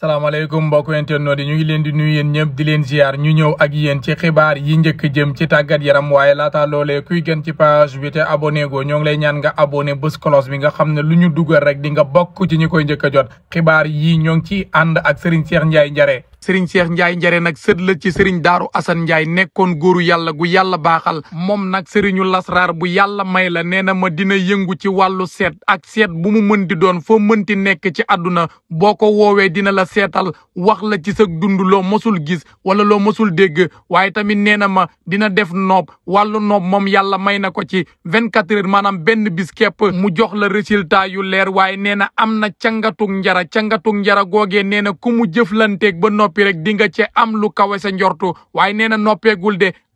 salaamaaleykum mbokk internautes yi ñu ngi leen di nuyu yéen ñëpp di leen ziar ñu ñëw ak yéen ci xibaar yi njëkk jëm ci tàggat yaram waaye laata loolee kuy gën ci page bi te abone go ñoo ngi lay ñaan nga abonné bés cloche bi nga xam ne lu ñu dugal rek di nga bokk ci ñu koy njëkk a jot xibaar yi ñoo ngi ci ànd ak Serigne Cheikh Ndiaye Njare serigne Cheikh Ndiaye njare nag sët la ci sëriñ Daaru Assane Ndiaye nekkoon góoru yàlla gu yàlla baaxal moom nag sëriñu lasraar bu yàlla may la nee na ma dina yëngu ci wàllu seet ak seet bu mu mën di doon foo mënti nekk ci àdduna boo ko woowee dina la seetal wax la ci sa dund loo mosul gis wala loo mosul dégg waaye tamit nee na ma dina def noob wàllu noob moom yàlla may na ko ci vingt quatre heures maanaam benn bis kepp mu jox la résultat yu leer waaye nee na am na cangatug njara cangatug njara googee noppi rek di nga am lu kawe sa njortu waaye nee na noppeegul de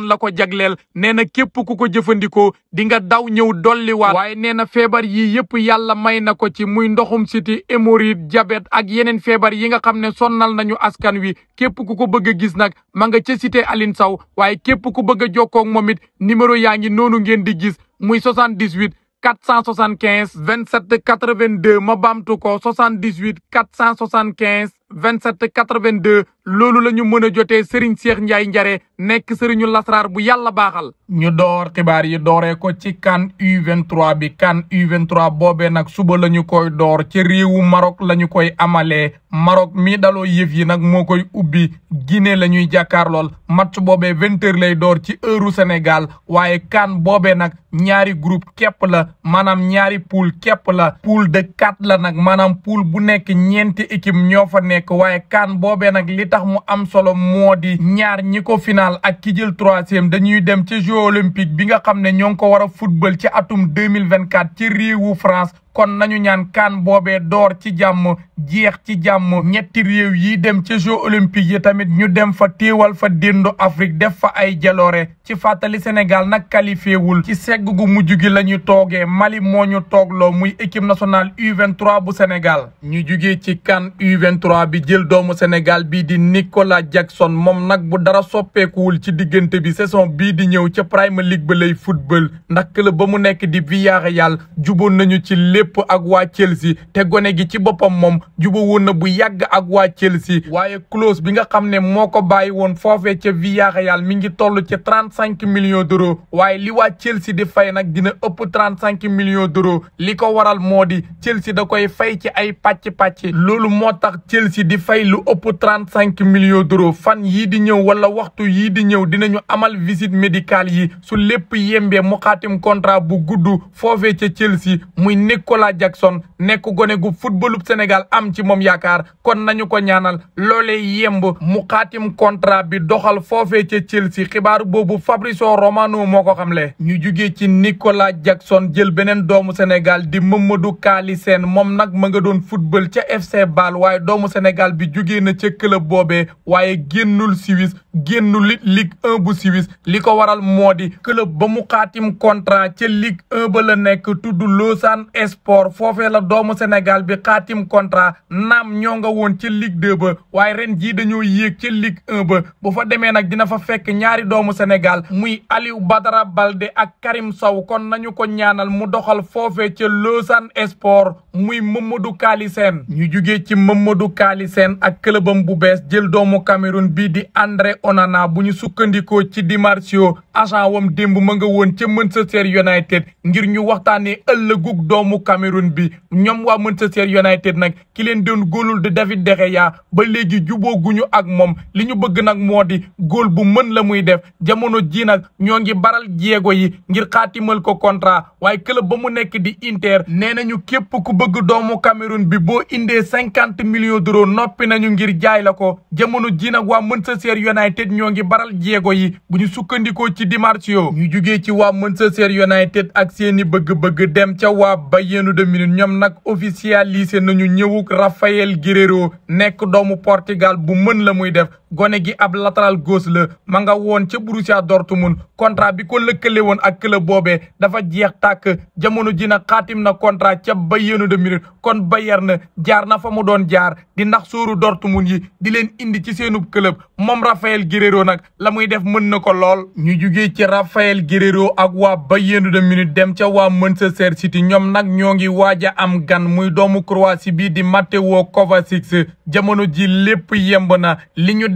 fan la ko jagleel nee na képp ku ko jëfandikoo di nga daw ñëw dolliwaat waaye nee na feebar yi yëpp yalla may na ko ci muy ndoxum siti hémorroïde diabète ak yeneen feebar yi nga xam ne sonnal nañu askan wi képp ku ko bëgg gis nag ma nga ca cité Aline Sow waaye képp ku bëgg a jokkoo ak moom it yaa ngi noonu ngeen di gis muy 78 475 27 82 ma baamtu ko 78 475 27 82 loolu la ñu mën a jotee Serigne Cheikh Ndiaye Njare nekk Serigne lasraar bu yàlla baaxal. ñu door xibaar yi dooree ko ci CAN U23 bi CAN U23 boobee nag suba la ñu koy door ci réewu Maroc la ñu koy amalee Maroc mi daloo yëf yi nag moo koy ubbi Guinée la ñuy jàkkaarlool match boobee 20 lay door ci heure Sénégal waaye kaan boobee nag ñaari groupe képp la maanaam ñaari poule kepp la poule de quatre la nag maanaam poule bu nekk ñeenti équipe ñoo fa nekk nekk waaye kan boobee nag li tax mu am solo moo di ñaar ñi ko final ak ki jël troisième dañuy dem ci jeux olympique bi nga xam ne ñoo ngi ko war a football ci atum deux mille vingt quatre ci réewu France. kon nañu ñaan kaan boobee door ci jàmm jeex ci jàmm ñetti réew yi dem ci jeux olympiques yi tamit ñu dem fa téewal fa déndu Afrique def fa ay jaloore ci fàttali Sénégal nag qualifié ci segg gu mujj gi la ñu toogee Mali moo ñu loo muy équipe nationale u bu Sénégal. ñu jugee ci kan u bi jël doomu Sénégal bii di Nicolas Jackson moom nag bu dara soppeekuwul ci diggante bi saison bii di ñëw ca Premier League ba lay football ndax club ba mu nekk di Villarreal lépp ak waa Chelsea te gone gi ci boppam moom juba woon na bu yàgg ak waa Chelsea waaye clause bi nga xam ne moo ko bàyyi woon foofee ca Villarreal mi ngi toll ci trente cinq million d'euros waaye li waa Chelsea di fay nag dina ëpp trente cinq millions d'euros li ko waral moo di Chelsea da koy fay ci ay pàcc-pàcc loolu moo tax Chelsea di fay lu ëpp trente cinq millions d'euros fan yii di ñëw wala waxtu yii di ñëw dina dinañu amal visite médicale yi su lépp yembe mu xaatim contrat bu gudd foofee ca Chelsea Nicolas Jackson nekk gone gu footballub Sénégal am ci moom yaakaar kon nañu ko ñaanal loolee yemb mu xaatim contrat bi doxal foofee ca Chelsea xibaar boobu Fabrizio Romano moo ko xamle ñu joge ci Nicolas Jackson jël beneen doomu Sénégal di Mamadou Kaali Sène moom nag ma nga doon football ca FC Bâle waaye doomu Sénégal bi jugee na ca club boobee waaye génnul Suisse génnul Ligue 1 bu Suisse li ko waral moo di club ba mu contrat ca Ligue 1 ba nekk tudd Lausanne sport foofee la doomu Sénégal bi xaatim contrat naam ñoo nga woon ci Ligue 2 waaye ren jii dañoo yéeg ca Ligue 1 ba bu fa demee nag dina fa fekk ñaari doomu Sénégal muy Aliou Badara Balde ak Karim Sow kon nañu ko ñaanal mu doxal foofee ca Lausanne sport muy Mamadou Kaali Sène ñu jugee ci Mamadou Kaali Sène ak clubam bu bees jël doomu Cameroun bii di André Onana bu ñu sukkandikoo ci Di Marzio agent wam démb ma nga woon ca Manchester United ngir ñu waxtaanee ëllëgug doomu Cameroun bi ñoom waa Manchester United nag ki leen doon góolul de David De ya ba léegi ñu ak moom li ñu bëgg nag moo di góol bu mën la muy def jamono ji nag ñoo ngi baral jéego yi ngir xaatimal ko contrat waaye club ba mu nekk di Inter nee nañu képp ku bëgg doomu Cameroun bi boo indee cinquante millions d'euros noppi nañu ngir jaay la ko jamono ji nag waa Manchester United ñoo ngi baral jéego yi bu ñu sukkandikoo ci Di Marzio ñu jugee ci waa Manchester United ak seeni bëgg-bëgg moyenne de minute ñoom nag officialisé nañu ñëwuk Rafael Guerreiro nekk doomu Portugal bu mën la muy def gone gi ab latéral gauche la ma nga woon ca Borussia mun contrat bi ko lëkkale woon ak club boobee dafa jeex takk jamono ji na xaatim na contrat ca Bayern de Munich kon Bayern na jaar na fa mu doon jaar di ndax sóoru Dortmund yi di leen indi ci seenub club moom Rafael Guerreiro nag la muy def mën na ko lool ñu jugee ci Rafael Guerreiro ak waa Bayern de Munich dem ca waa mën sa Manchester City ñoom nag ñoo ngi waaj a am gan muy doomu Croatie bi di Matteo Kovacic jamono ji lépp yemb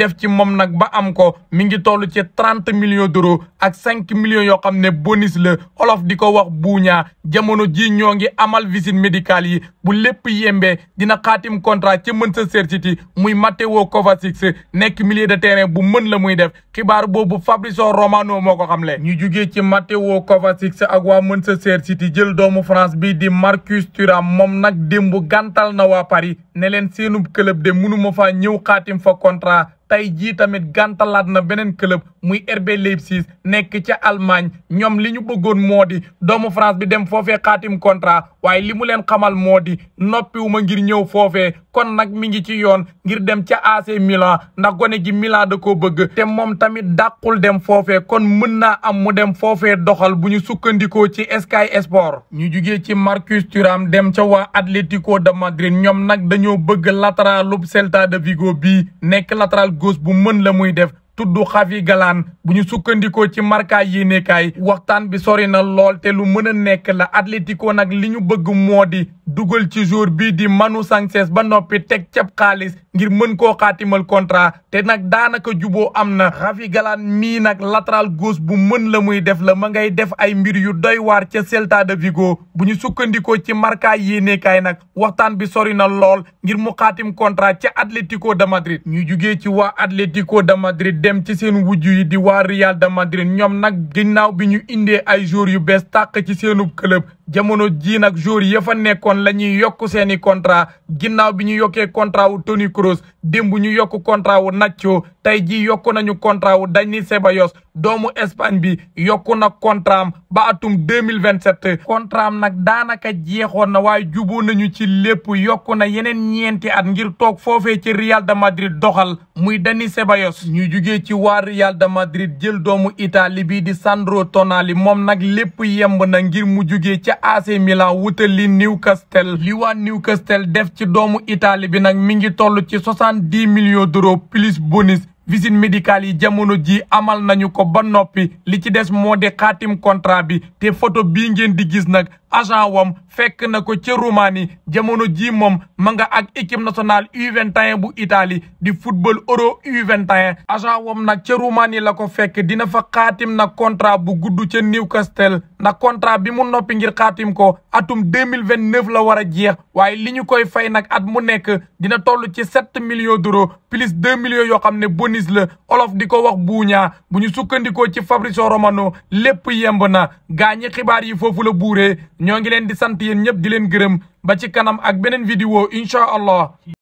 def ci moom nag ba am ko mi ngi toll ci trente million d'euros ak cinq millions yoo xam ne bonus la olof di ko wax buuñaa jamono ji ñoo ngi amal visite médicale yi bu lépp yembe dina xaatim contrat ci Manchester City muy Matteo Kovacic nekk milieu de terrain bu mën la muy def xibaar boobu Fabrizio Romano moo ko xam xamle ñu jugee ci Matteo Kovacic ak waa Manchester City jël doomu France bi di Marcus Thuram moom nag démb gantal na waa Paris ne leen seenub club de mënuma faa ñëw xaatim fa contrat tey ji tamit gàntalaat na beneen club muy RB Leipzig nekk ca Allemagne ñoom li ñu bëggoon moo di doomu France bi dem foofee xaatim contrat waaye li mu leen xamal moo di noppiwu ngir ñëw foofee kon nag mi ngi ci yoon ngir dem ca AC millan ndax gone gi Milan da ko bëgg te moom tamit daqul dem foofee kon mën naa am mu dem foofee doxal bu ñu sukkandikoo ci Sky Sport ñu jugee ci Marcus Thuram dem ca waa Atlético de Madrid ñoom nag dañoo bëgg latéralub Celta de gauche bu mën la muy def tudd Xavi Galaan bu ñu sukkandikoo ci markaay yéenekaay waxtaan bi sori na lool te lu mën a nekk la Atlético nag li ñu bëgg moo di dugal ci jour bii di Manu Sanchez ba noppi teg ceeb xaalis ngir mën koo xaatimal contrat te nag daanaka jubo am na Xavi Galaan mii nag latral gauche bu mën la muy def la ma ngay def ay mbir yu doy waar ca Celta de Vigo bu ñu sukkandikoo ci markaay yéenekaay nag waxtaan bi sori na lool ngir mu xaatim contrat ca Atlético de Madrid ñu jugee ci waa Atlético de Madrid dem ci seen wujj yi di waa Real de ñoom nag ginnaaw bi ñu indee ay joueurs yu bees tàq ci seenub club jamono jii nag joueurs ya fa nekkoon la ñuy yokk seeni contrat ginnaaw bi ñu yokkee contrat wu Toni Kroos démb ñu yokk contrat wu Nacho tey jii yokku na nañu contra wu Dani Ceballos doomu Espagne bi yokku na contrat am ba atum deux mille vingt sept contrat am nag daanaka jeexoon na waaye juboo nañu ci lépp yokku na yeneen ñeenti at ngir toog foofee ci Real de Madrid doxal muy Dani Ceballos ñu jugee ci waa Real de Madrid jël doomu itali bi di Sandro Tonali moom nag lépp yemb na ngir mu jugee ca AC Milan wutali Newcastle li waa Newcastle def ci doomu Italie bi nag mi ngi toll ci soixante soixante-dix millions d'euros plus bonus visite médicale yi jamono ji amal nañu ko ba noppi li ci des moo di contrat bi te photo bii ngeen di gis nag agent woom fekk na ko ca Roumanie jamono ji moom ma nga ak équipe nationale U21 bu itali di football euro U21 agent wam nag ca Roumanie la ko fekk dina fa xaatim na contrat bu gudd ca castel ndax contrat bi mu noppi ngir xaatim ko atum 2029 la war a jeex waaye li ñu koy fay nag at mu nekk dina toll ci sept million d'euros plus deux millions yoo xam ne bonus la olof di ko wax ñaa bu ñu sukkandikoo ci Fabrizio Romano lépp yemb na gaañi xibaar yi foofu la buuree ñoo ngi leen di sant yéen ñëpp di leen gërëm ba ci kanam ak beneen vidéo incha allah